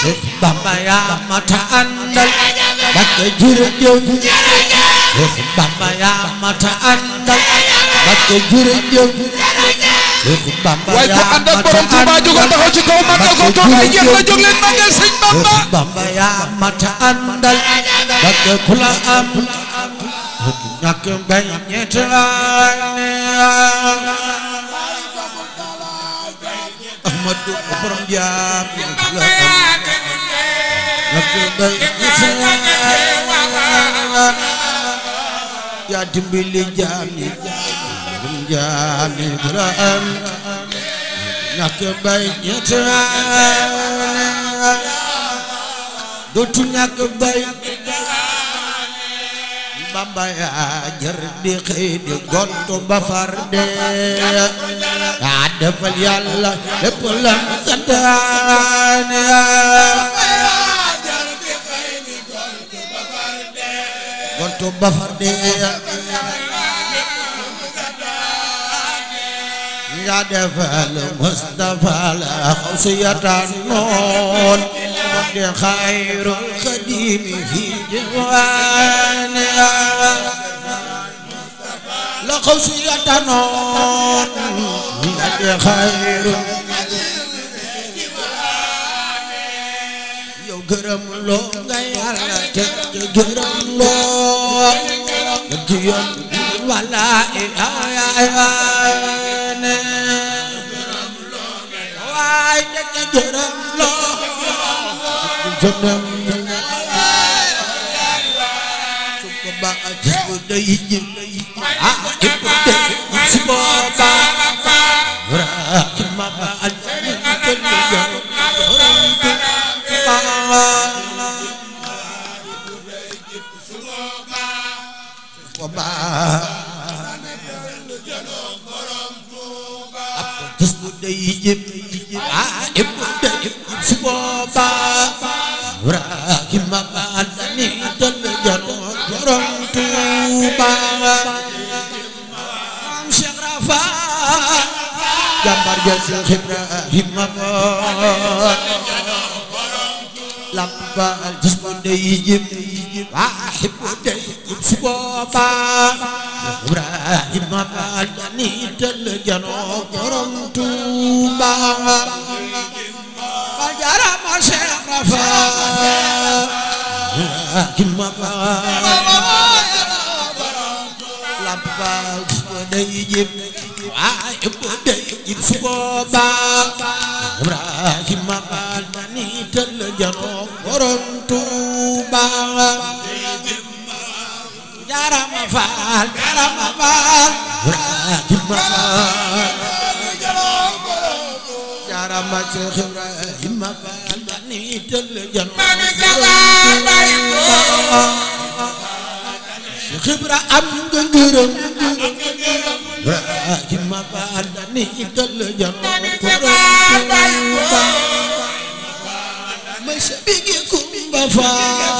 sëñ Bamba yaa mata àndal Mbakke jërëjëf sëñ Bamba yaa mata àndal Mbakke jërëjëf sëñ Bamba waaye ku ànd ak borom Tuuba jóg taxaw ci kaw màggal ko toog ay yéen la jóg leen màggal sëñ Bamba sëñ Bamba yaa mata àndal Mbakke ku la am ñàkk mbay ñett Ahmadu borom jaam yaa dimbali jaam ñi jaam ñi bu la am ñàkk bay yaa jar di xëy di ba far dee yaa defal yàlla lépp lam santaane tu ba fardi nga defal Mustafa la xawsiyatan noon di xayrul xadimi fi jiwaani la xawsiyatan noon di xayrul yow gërëm loo nga yàlla te gërëm loo jiyan wala e aya ne way de jërëm lo jërëm ko ba ajib de yijim ah ko de sibo ba lamba jismu dey jim waa xibbu dey su boobaa Ibrahima Faal ni tëll janoo borom Tuuba ba jarama Cheikh Rafa Ibrahima Faal labbaas ba day jib waaye ba day jib su boobaa Ibrahima Faal ni tëll janoo borom Tuuba jarama faal jarama faal jarama Cheikh Ibrahima faal mani tëll jano mani sala bari ko Cheikh Ibra am nga ngërëm Ibrahima faal mani tëll jano mani sala bari ko ma sabigi kumba faal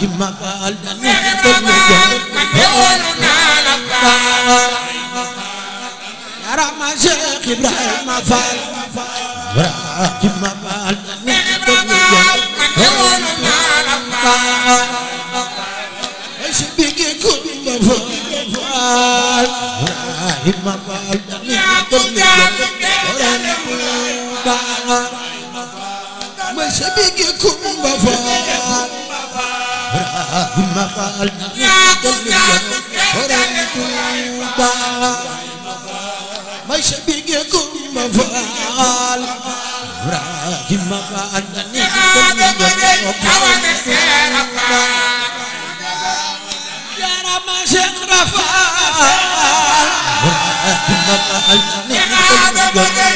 gi ma baal dana jël ma jël yara ma Cheikh Ibrahima Fall gi ma baal dana jël ma jël si bi gi ku ma faal gi ma baal dana jël ma jël ma si bi gi ku ma faal بالمقال ما يشبهكم مفعال راجي مقال يا رب شيخ رفاع راجي مقال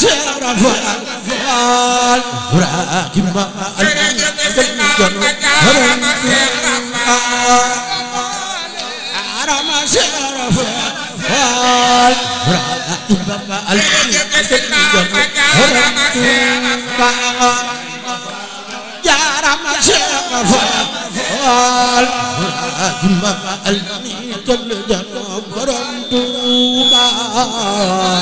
al ni